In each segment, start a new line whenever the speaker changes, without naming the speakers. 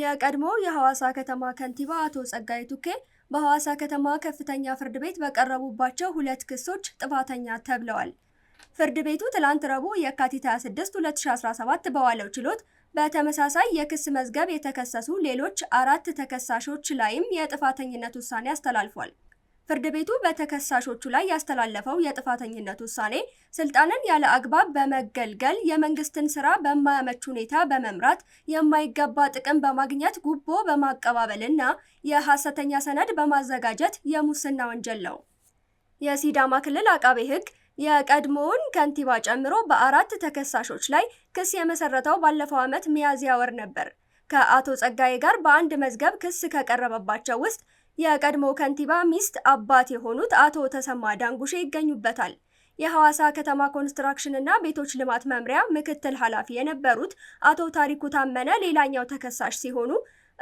የቀድሞ የሐዋሳ ከተማ ከንቲባ አቶ ጸጋይ ቱኬ በሐዋሳ ከተማ ከፍተኛ ፍርድ ቤት በቀረቡባቸው ሁለት ክሶች ጥፋተኛ ተብለዋል። ፍርድ ቤቱ ትላንት ረቡዕ የካቲት 26 2017 በዋለው ችሎት በተመሳሳይ የክስ መዝገብ የተከሰሱ ሌሎች አራት ተከሳሾች ላይም የጥፋተኝነት ውሳኔ አስተላልፏል። ፍርድ ቤቱ በተከሳሾቹ ላይ ያስተላለፈው የጥፋተኝነት ውሳኔ ስልጣንን ያለ አግባብ በመገልገል የመንግስትን ስራ በማያመች ሁኔታ በመምራት የማይገባ ጥቅም በማግኘት ጉቦ በማቀባበልና የሐሰተኛ ሰነድ በማዘጋጀት የሙስና ወንጀል ነው። የሲዳማ ክልል አቃቤ ሕግ የቀድሞውን ከንቲባ ጨምሮ በአራት ተከሳሾች ላይ ክስ የመሰረተው ባለፈው ዓመት ሚያዝያ ወር ነበር። ከአቶ ጸጋዬ ጋር በአንድ መዝገብ ክስ ከቀረበባቸው ውስጥ የቀድሞ ከንቲባ ሚስት አባት የሆኑት አቶ ተሰማ ዳንጉሼ ይገኙበታል። የሐዋሳ ከተማ ኮንስትራክሽን እና ቤቶች ልማት መምሪያ ምክትል ኃላፊ የነበሩት አቶ ታሪኩ ታመነ ሌላኛው ተከሳሽ ሲሆኑ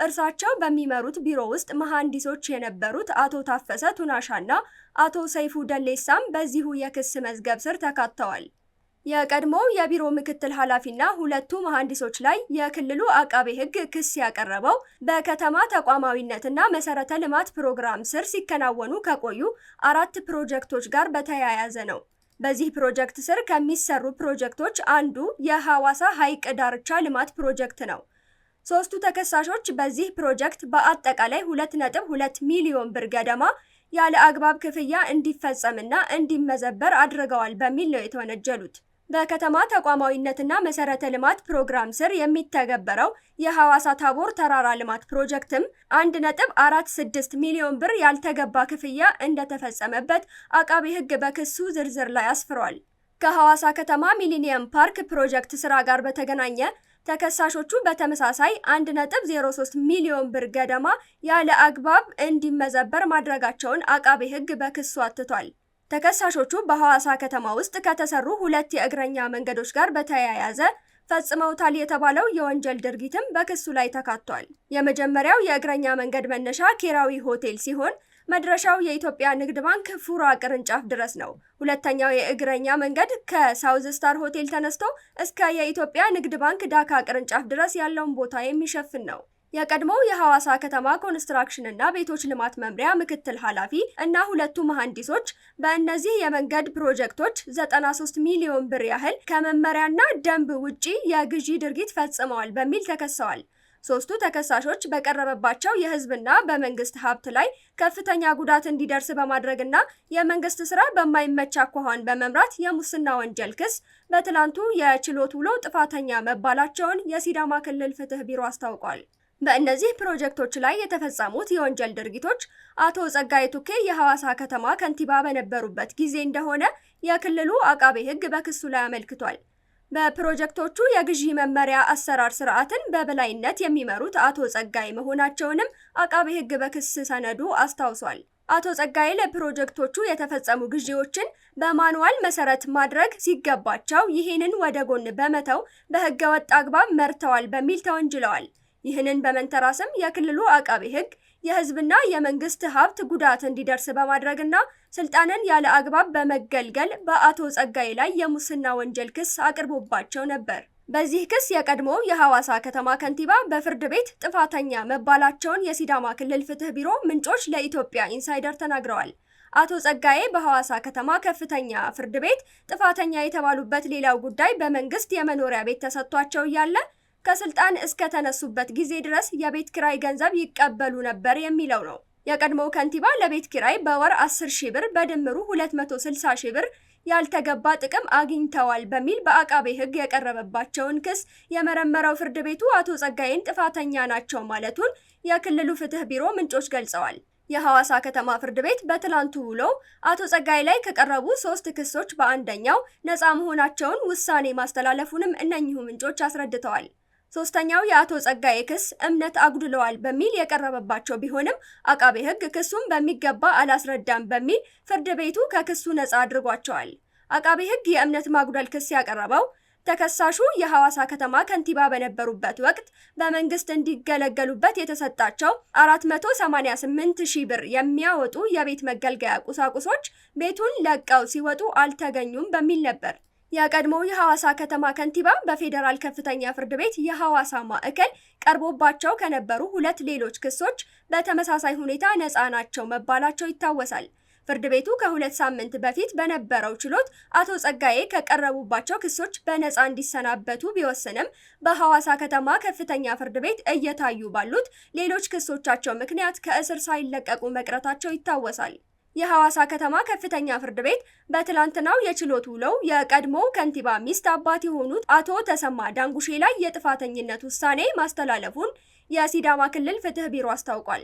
እርሳቸው በሚመሩት ቢሮ ውስጥ መሐንዲሶች የነበሩት አቶ ታፈሰ ቱናሻና አቶ ሰይፉ ደሌሳም በዚሁ የክስ መዝገብ ስር ተካተዋል። የቀድሞው የቢሮ ምክትል ኃላፊና ሁለቱ መሐንዲሶች ላይ የክልሉ አቃቤ ሕግ ክስ ያቀረበው በከተማ ተቋማዊነትና መሰረተ ልማት ፕሮግራም ስር ሲከናወኑ ከቆዩ አራት ፕሮጀክቶች ጋር በተያያዘ ነው። በዚህ ፕሮጀክት ስር ከሚሰሩ ፕሮጀክቶች አንዱ የሐዋሳ ሐይቅ ዳርቻ ልማት ፕሮጀክት ነው። ሶስቱ ተከሳሾች በዚህ ፕሮጀክት በአጠቃላይ 2.2 ሚሊዮን ብር ገደማ ያለ አግባብ ክፍያ እንዲፈጸምና እንዲመዘበር አድርገዋል በሚል ነው የተወነጀሉት። በከተማ ተቋማዊነትና መሰረተ ልማት ፕሮግራም ስር የሚተገበረው የሐዋሳ ታቦር ተራራ ልማት ፕሮጀክትም 1.46 ሚሊዮን ብር ያልተገባ ክፍያ እንደተፈጸመበት አቃቤ ሕግ በክሱ ዝርዝር ላይ አስፍሯል። ከሐዋሳ ከተማ ሚሊኒየም ፓርክ ፕሮጀክት ስራ ጋር በተገናኘ ተከሳሾቹ በተመሳሳይ 1.03 ሚሊዮን ብር ገደማ ያለ አግባብ እንዲመዘበር ማድረጋቸውን አቃቤ ሕግ በክሱ አትቷል። ተከሳሾቹ በሐዋሳ ከተማ ውስጥ ከተሰሩ ሁለት የእግረኛ መንገዶች ጋር በተያያዘ ፈጽመውታል የተባለው የወንጀል ድርጊትም በክሱ ላይ ተካቷል። የመጀመሪያው የእግረኛ መንገድ መነሻ ኬራዊ ሆቴል ሲሆን መድረሻው የኢትዮጵያ ንግድ ባንክ ፉራ ቅርንጫፍ ድረስ ነው። ሁለተኛው የእግረኛ መንገድ ከሳውዝ ስታር ሆቴል ተነስቶ እስከ የኢትዮጵያ ንግድ ባንክ ዳካ ቅርንጫፍ ድረስ ያለውን ቦታ የሚሸፍን ነው። የቀድሞው የሐዋሳ ከተማ ኮንስትራክሽን እና ቤቶች ልማት መምሪያ ምክትል ኃላፊ እና ሁለቱ መሐንዲሶች በእነዚህ የመንገድ ፕሮጀክቶች 93 ሚሊዮን ብር ያህል ከመመሪያና ደንብ ውጪ የግዢ ድርጊት ፈጽመዋል በሚል ተከሰዋል። ሶስቱ ተከሳሾች በቀረበባቸው የሕዝብና በመንግስት ሀብት ላይ ከፍተኛ ጉዳት እንዲደርስ በማድረግና የመንግስት ስራ በማይመች አኳኋን በመምራት የሙስና ወንጀል ክስ በትላንቱ የችሎት ውሎ ጥፋተኛ መባላቸውን የሲዳማ ክልል ፍትህ ቢሮ አስታውቋል። በእነዚህ ፕሮጀክቶች ላይ የተፈጸሙት የወንጀል ድርጊቶች አቶ ጸጋዬ ቱኬ የሐዋሳ ከተማ ከንቲባ በነበሩበት ጊዜ እንደሆነ የክልሉ አቃቤ ሕግ በክሱ ላይ አመልክቷል። በፕሮጀክቶቹ የግዢ መመሪያ አሰራር ስርዓትን በበላይነት የሚመሩት አቶ ጸጋዬ መሆናቸውንም አቃቤ ሕግ በክስ ሰነዱ አስታውሷል። አቶ ጸጋዬ ለፕሮጀክቶቹ የተፈጸሙ ግዢዎችን በማንዋል መሰረት ማድረግ ሲገባቸው ይህንን ወደ ጎን በመተው በህገወጥ ወጥ አግባብ መርተዋል በሚል ተወንጅለዋል። ይህንን በመንተራስም የክልሉ አቃቤ ሕግ የህዝብና የመንግስት ሀብት ጉዳት እንዲደርስ በማድረግና ስልጣንን ያለ አግባብ በመገልገል በአቶ ጸጋዬ ላይ የሙስና ወንጀል ክስ አቅርቦባቸው ነበር። በዚህ ክስ የቀድሞ የሐዋሳ ከተማ ከንቲባ በፍርድ ቤት ጥፋተኛ መባላቸውን የሲዳማ ክልል ፍትህ ቢሮ ምንጮች ለኢትዮጵያ ኢንሳይደር ተናግረዋል። አቶ ጸጋዬ በሐዋሳ ከተማ ከፍተኛ ፍርድ ቤት ጥፋተኛ የተባሉበት ሌላው ጉዳይ በመንግስት የመኖሪያ ቤት ተሰጥቷቸው እያለ ከስልጣን እስከተነሱበት ጊዜ ድረስ የቤት ኪራይ ገንዘብ ይቀበሉ ነበር የሚለው ነው። የቀድሞው ከንቲባ ለቤት ኪራይ በወር 10 ሺህ ብር በድምሩ 260 ሺህ ብር ያልተገባ ጥቅም አግኝተዋል በሚል በአቃቤ ሕግ የቀረበባቸውን ክስ የመረመረው ፍርድ ቤቱ አቶ ጸጋዬን ጥፋተኛ ናቸው ማለቱን የክልሉ ፍትህ ቢሮ ምንጮች ገልጸዋል። የሐዋሳ ከተማ ፍርድ ቤት በትላንቱ ውሎ አቶ ጸጋዬ ላይ ከቀረቡ ሶስት ክሶች በአንደኛው ነፃ መሆናቸውን ውሳኔ ማስተላለፉንም እነኚሁ ምንጮች አስረድተዋል። ሶስተኛው የአቶ ጸጋዬ ክስ እምነት አጉድለዋል በሚል የቀረበባቸው ቢሆንም አቃቤ ሕግ ክሱን በሚገባ አላስረዳም በሚል ፍርድ ቤቱ ከክሱ ነፃ አድርጓቸዋል። አቃቤ ሕግ የእምነት ማጉደል ክስ ያቀረበው ተከሳሹ የሐዋሳ ከተማ ከንቲባ በነበሩበት ወቅት በመንግስት እንዲገለገሉበት የተሰጣቸው 488 ሺህ ብር የሚያወጡ የቤት መገልገያ ቁሳቁሶች ቤቱን ለቀው ሲወጡ አልተገኙም በሚል ነበር። የቀድሞው የሐዋሳ ከተማ ከንቲባ በፌዴራል ከፍተኛ ፍርድ ቤት የሐዋሳ ማዕከል ቀርቦባቸው ከነበሩ ሁለት ሌሎች ክሶች በተመሳሳይ ሁኔታ ነፃ ናቸው መባላቸው ይታወሳል። ፍርድ ቤቱ ከሁለት ሳምንት በፊት በነበረው ችሎት አቶ ጸጋዬ ከቀረቡባቸው ክሶች በነፃ እንዲሰናበቱ ቢወስንም በሐዋሳ ከተማ ከፍተኛ ፍርድ ቤት እየታዩ ባሉት ሌሎች ክሶቻቸው ምክንያት ከእስር ሳይለቀቁ መቅረታቸው ይታወሳል። የሐዋሳ ከተማ ከፍተኛ ፍርድ ቤት በትላንትናው የችሎት ውለው የቀድሞ ከንቲባ ሚስት አባት የሆኑት አቶ ተሰማ ዳንጉሼ ላይ የጥፋተኝነት ውሳኔ ማስተላለፉን የሲዳማ ክልል ፍትህ ቢሮ አስታውቋል።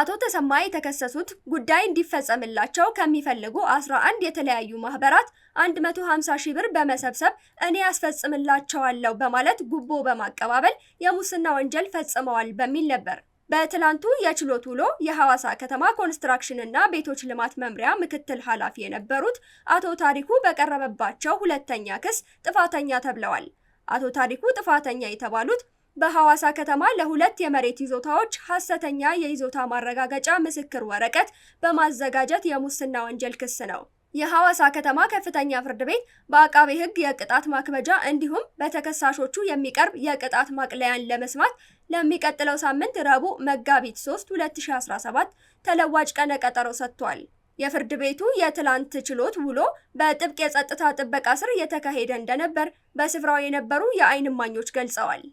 አቶ ተሰማ የተከሰሱት ጉዳይ እንዲፈጸምላቸው ከሚፈልጉ 11 የተለያዩ ማህበራት 150 ሺህ ብር በመሰብሰብ እኔ ያስፈጽምላቸዋለሁ በማለት ጉቦ በማቀባበል የሙስና ወንጀል ፈጽመዋል በሚል ነበር። በትላንቱ የችሎት ውሎ የሐዋሳ ከተማ ኮንስትራክሽን እና ቤቶች ልማት መምሪያ ምክትል ኃላፊ የነበሩት አቶ ታሪኩ በቀረበባቸው ሁለተኛ ክስ ጥፋተኛ ተብለዋል። አቶ ታሪኩ ጥፋተኛ የተባሉት በሐዋሳ ከተማ ለሁለት የመሬት ይዞታዎች ሐሰተኛ የይዞታ ማረጋገጫ ምስክር ወረቀት በማዘጋጀት የሙስና ወንጀል ክስ ነው። የሐዋሳ ከተማ ከፍተኛ ፍርድ ቤት በአቃቤ ሕግ የቅጣት ማክበጃ እንዲሁም በተከሳሾቹ የሚቀርብ የቅጣት ማቅለያን ለመስማት ለሚቀጥለው ሳምንት ረቡዕ መጋቢት 3 2017 ተለዋጭ ቀነ ቀጠሮ ሰጥቷል። የፍርድ ቤቱ የትላንት ችሎት ውሎ በጥብቅ የጸጥታ ጥበቃ ስር እየተካሄደ እንደነበር በስፍራው የነበሩ የዓይን እማኞች ገልጸዋል።